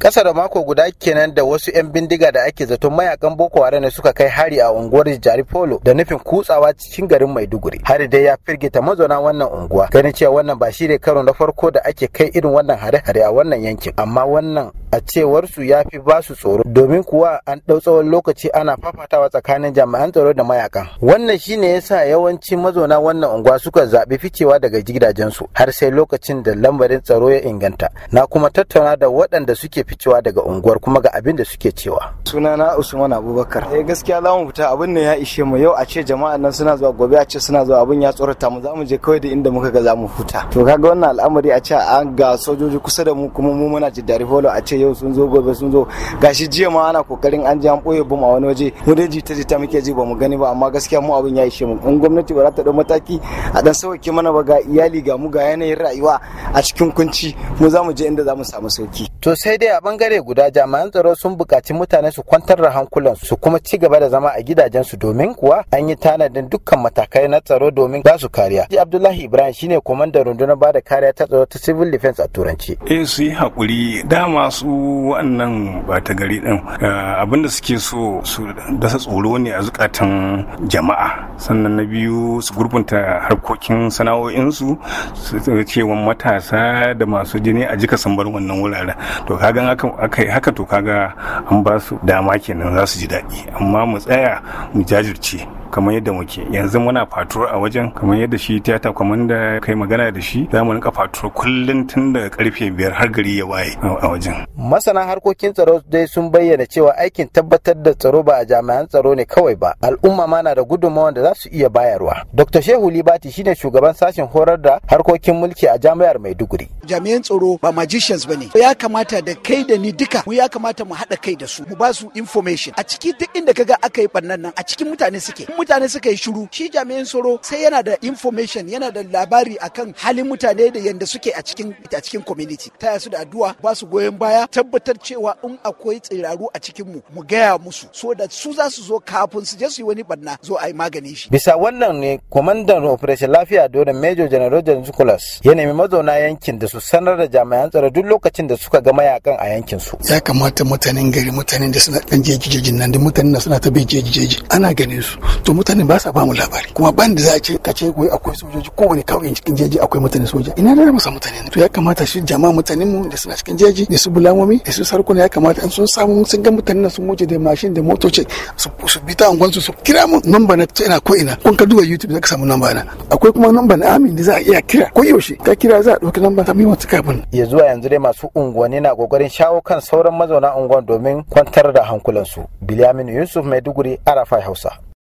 Ƙasa da mako guda kenan da wasu 'yan bindiga da ake zaton mayakan Boko Haram ne suka kai hari a unguwar Jari Polo da nufin kutsawa cikin garin Maiduguri. Hari dai ya firgita mazauna wannan unguwa. Ganin cewa wannan ba shi ne karon na farko da ake kai irin wannan hare-hare a wannan yankin. Amma wannan a cewarsu ya fi ba su tsoro domin kuwa an ɗau tsawon lokaci ana fafatawa tsakanin jami'an tsaro da mayakan wannan shine sa yawancin mazauna wannan unguwa suka zaɓi ficewa daga gidajensu har sai lokacin da lambarin tsaro ya inganta na kuma tattauna da waɗanda suke ficewa daga unguwar kuma ga abin da suke cewa sunana usman abubakar eh gaskiya za mu fita abin ne ya ishe mu yau a ce jama'a nan suna zuwa gobe a ce suna zuwa abin ya tsorata mu za mu je kawai da inda muka ga za mu huta to kaga wannan al'amari a ce an ga sojoji kusa da mu kuma mu muna jiddari holo a ce yau sun zo gobe sun zo gashi jiya ma ana kokarin an ji an boye bom a wani waje mu dai jita jita muke ji ba mu gani ba amma gaskiya mu abin ya ishe mu in gwamnati ba za ta dau mataki a dan sauke mana ba ga iyali ga mu ga yanayin rayuwa a cikin kunci mu za mu je inda za mu samu sauki To sai dai a bangare guda jami'an tsaro sun buƙaci mutane su kwantar da hankulan su kuma ci gaba da zama a gidajensu domin kuwa an yi tanadin dukkan matakai na tsaro domin ba su kariya. Ji Abdullahi Ibrahim shine komandan rundunar ba da kariya ta tsaro ta civil defense a turanci. Eh su yi hakuri dama su wannan ba ta gari din eh, abinda suke so su dasa tsoro ne a zukatan jama'a sannan na biyu su gurgunta harkokin sana'o'insu su cewa matasa da masu jini a jika sambar wannan wuraren to kaga aka haka to kaga an ba su dama kenan za su ji daɗi amma mu tsaya mu jajirce kamar yadda muke yanzu muna faturo a wajen kamar yadda shi tiyata kamar da kai magana da shi za mu rinka faturo kullum tun daga karfe biyar har gari ya waye a wajen masana harkokin tsaro dai sun bayyana cewa aikin tabbatar da tsaro ba a jami'an tsaro ne kawai ba al'umma ma na da gudunmawar da za su iya bayarwa dr shehu libati shine shugaban sashen horar da harkokin mulki a jami'ar maiduguri jami'an tsaro ba magicians ba ne ya kamata da kai da ni duka mu ya kamata mu haɗa kai da su mu ba su information a ciki duk inda kaga aka yi ɓannan nan a cikin mutane suke mutane suka yi shiru shi jami'in tsaro sai yana da information yana da labari akan halin mutane da yanda suke a cikin a cikin community taya su da addu'a ba su goyon baya tabbatar cewa in akwai tsiraru a cikin mu mu gaya musu so da su za su zo kafin su je su yi wani barna zo a yi maganin shi bisa wannan ne commandant operation lafiya dole major general john nicholas ya nemi mazauna yankin da su sanar da jami'an tsaro duk lokacin da suka ga mayakan a yankin su ya kamata mutanen gari mutanen da suna dan jeji nan da mutanen suna ta bai jeji jeji ana ganin su to mutane ba sa ba mu labari kuma ban da za a ce ka ce wai akwai sojoji kowane kauyen cikin jeji akwai mutane soja ina da masa mutane to ya kamata shi jama'a mutanen mu da suna cikin jeji da su bulamomi da su sarkuna ya kamata in sun samu sun ga mutanen sun wuce da mashin da motoci su bi ta angon su kira mu namba na ina ko ina kun ka duba youtube zaka samu namba na akwai kuma namba na amin da za a iya kira ko yaushe ka kira za a dauki namba ta miwa kafin ya zuwa yanzu dai masu unguwanni na kokarin shawo kan sauran mazauna unguwan domin kwantar da hankulansu biliyamin yusuf maiduguri arafai hausa